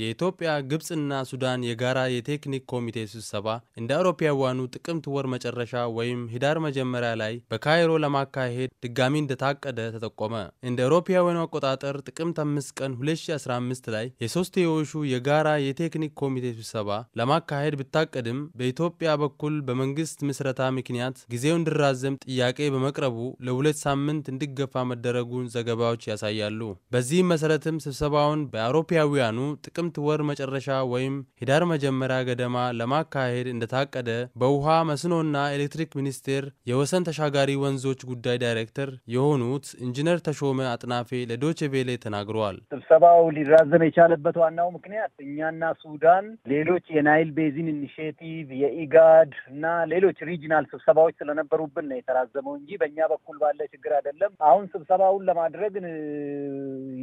የኢትዮጵያ ግብፅና ሱዳን የጋራ የቴክኒክ ኮሚቴ ስብሰባ እንደ አውሮፓውያኑ ጥቅምት ወር መጨረሻ ወይም ህዳር መጀመሪያ ላይ በካይሮ ለማካሄድ ድጋሚ እንደታቀደ ተጠቆመ። እንደ አውሮፓውያኑ አቆጣጠር ጥቅምት 5 ቀን 2015 ላይ የሶስትዮሹ የጋራ የቴክኒክ ኮሚቴ ስብሰባ ለማካሄድ ብታቀድም በኢትዮጵያ በኩል በመንግስት ምስረታ ምክንያት ጊዜው እንዲራዘም ጥያቄ በመቅረቡ ለሁለት ሳምንት እንዲገፋ መደረጉን ዘገባዎች ያሳያሉ። በዚህም መሰረትም ስብሰባውን በአውሮፓውያኑ ጥቅም በጥቅምት ወር መጨረሻ ወይም ህዳር መጀመሪያ ገደማ ለማካሄድ እንደታቀደ በውሃ መስኖና ኤሌክትሪክ ሚኒስቴር የወሰን ተሻጋሪ ወንዞች ጉዳይ ዳይሬክተር የሆኑት ኢንጂነር ተሾመ አጥናፌ ለዶቼ ቬሌ ተናግረዋል። ስብሰባው ሊራዘም የቻለበት ዋናው ምክንያት እኛና ሱዳን ሌሎች የናይል ቤዚን ኢኒሽቲቭ የኢጋድ እና ሌሎች ሪጂናል ስብሰባዎች ስለነበሩብን ነው የተራዘመው እንጂ በእኛ በኩል ባለ ችግር አይደለም። አሁን ስብሰባውን ለማድረግ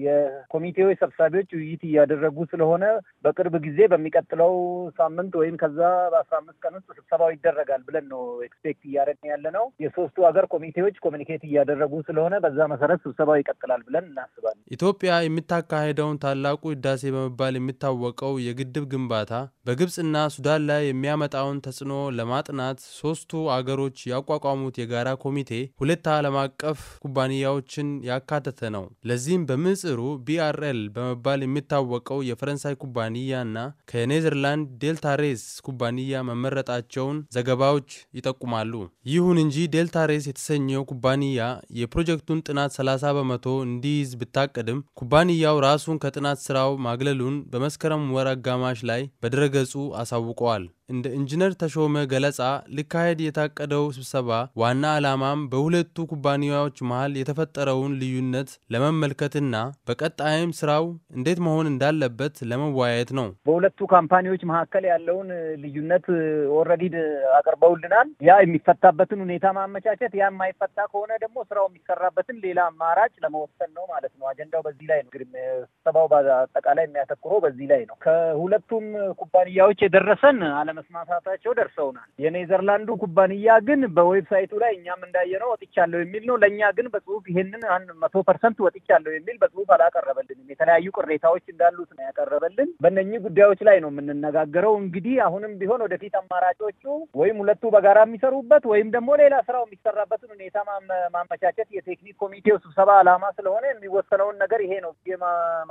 የኮሚቴዎች ሰብሳቢዎች ውይይት እያደረጉ ስለሆነ ከሆነ በቅርብ ጊዜ በሚቀጥለው ሳምንት ወይም ከዛ በአስራ አምስት ቀን ውስጥ ስብሰባው ይደረጋል ብለን ነው ኤክስፔክት እያደረግን ያለ ነው። የሶስቱ ሀገር ኮሚቴዎች ኮሚኒኬት እያደረጉ ስለሆነ በዛ መሰረት ስብሰባው ይቀጥላል ብለን እናስባለን። ኢትዮጵያ የምታካሄደውን ታላቁ ህዳሴ በመባል የሚታወቀው የግድብ ግንባታ በግብፅና ሱዳን ላይ የሚያመጣውን ተጽዕኖ ለማጥናት ሶስቱ አገሮች ያቋቋሙት የጋራ ኮሚቴ ሁለት ዓለም አቀፍ ኩባንያዎችን ያካተተ ነው። ለዚህም በምጽሩ ቢአርኤል በመባል የሚታወቀው የፈረ ከፈረንሳይ እና ከኔዘርላንድ ዴልታ ሬስ ኩባንያ መመረጣቸውን ዘገባዎች ይጠቁማሉ። ይሁን እንጂ ዴልታ ሬስ የተሰኘው ኩባንያ የፕሮጀክቱን ጥናት 30 በመቶ እንዲይዝ ብታቅድም ኩባንያው ራሱን ከጥናት ስራው ማግለሉን በመስከረም ወር አጋማሽ ላይ በድረገጹ አሳውቀዋል። እንደ ኢንጂነር ተሾመ ገለጻ ሊካሄድ የታቀደው ስብሰባ ዋና ዓላማም በሁለቱ ኩባንያዎች መሃል የተፈጠረውን ልዩነት ለመመልከትና በቀጣይም ስራው እንዴት መሆን እንዳለበት ለመወያየት ነው። በሁለቱ ካምፓኒዎች መካከል ያለውን ልዩነት ኦልሬዲ አቅርበውልናል። ያ የሚፈታበትን ሁኔታ ማመቻቸት፣ ያ የማይፈታ ከሆነ ደግሞ ስራው የሚሰራበትን ሌላ አማራጭ ለመወሰን ነው ማለት ነው። አጀንዳው በዚህ ላይ ነው። ስብሰባው በአጠቃላይ የሚያተኩረው በዚህ ላይ ነው። ከሁለቱም ኩባንያዎች የደረሰን አለ አለመስማማታቸው ደርሰውናል። የኔዘርላንዱ ኩባንያ ግን በዌብሳይቱ ላይ እኛም እንዳየነው ወጥቻለሁ የሚል ነው። ለእኛ ግን በጽሁፍ ይሄንን መቶ ፐርሰንት ወጥቻለሁ የሚል በጽሁፍ አላቀረበልንም። የተለያዩ ቅሬታዎች እንዳሉት ነው ያቀረበልን። በእነኚህ ጉዳዮች ላይ ነው የምንነጋገረው። እንግዲህ አሁንም ቢሆን ወደፊት አማራጮቹ ወይም ሁለቱ በጋራ የሚሰሩበት ወይም ደግሞ ሌላ ስራው የሚሰራበትን ሁኔታ ማመቻቸት የቴክኒክ ኮሚቴው ስብሰባ ዓላማ ስለሆነ የሚወሰነውን ነገር ይሄ ነው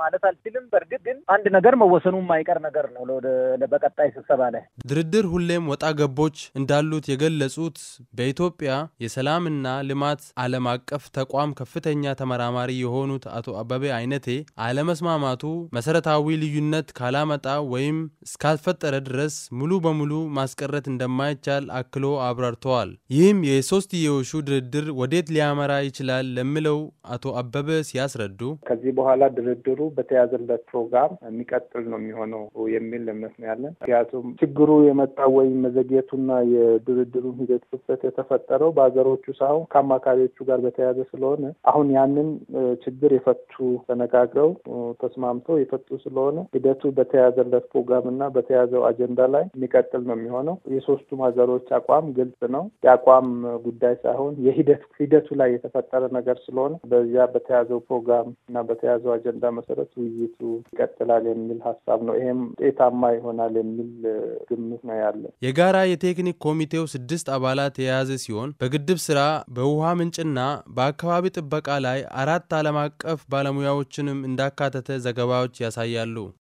ማለት አልችልም። በእርግጥ ግን አንድ ነገር መወሰኑ የማይቀር ነገር ነው በቀጣይ ስብሰባ ላይ ድርድር ሁሌም ወጣ ገቦች እንዳሉት የገለጹት በኢትዮጵያ የሰላምና ልማት ዓለም አቀፍ ተቋም ከፍተኛ ተመራማሪ የሆኑት አቶ አበቤ አይነቴ አለመስማማቱ መሰረታዊ ልዩነት ካላመጣ ወይም እስካልፈጠረ ድረስ ሙሉ በሙሉ ማስቀረት እንደማይቻል አክሎ አብራርተዋል። ይህም የሶስትዮሹ ድርድር ወዴት ሊያመራ ይችላል ለሚለው አቶ አበበ ሲያስረዱ ከዚህ በኋላ ድርድሩ በተያዘለት ፕሮግራም የሚቀጥል ነው የሚሆነው የሚል እምነት ነው ያለን። ምክንያቱም ችግሩ የመጣው ወይም መዘግየቱና የድርድሩን ሂደት ክፍተት የተፈጠረው በሀገሮቹ ሳይሆን ከአማካሪዎቹ ጋር በተያያዘ ስለሆነ አሁን ያንን ችግር የፈቱ ተነጋግረው ተስማምተው የፈቱ ስለሆነ ሂደቱ በተያዘለት ፕሮግራም እና በተያዘው አጀንዳ ላይ የሚቀጥል ነው የሚሆነው። የሶስቱም ሀገሮች አቋም ግልጽ ነው። የአቋም ጉዳይ ሳይሆን የሂደት ሂደቱ ላይ የተፈጠረ ነገር ስለሆነ በዚያ በተያዘው ፕሮግራም እና በተያዘው አጀንዳ መሰረት ውይይቱ ይቀጥላል የሚል ሀሳብ ነው። ይሄም ውጤታማ ይሆናል የሚል ግምት ስምምነት ነው ያለ። የጋራ የቴክኒክ ኮሚቴው ስድስት አባላት የያዘ ሲሆን በግድብ ስራ በውሃ ምንጭና በአካባቢ ጥበቃ ላይ አራት ዓለም አቀፍ ባለሙያዎችንም እንዳካተተ ዘገባዎች ያሳያሉ።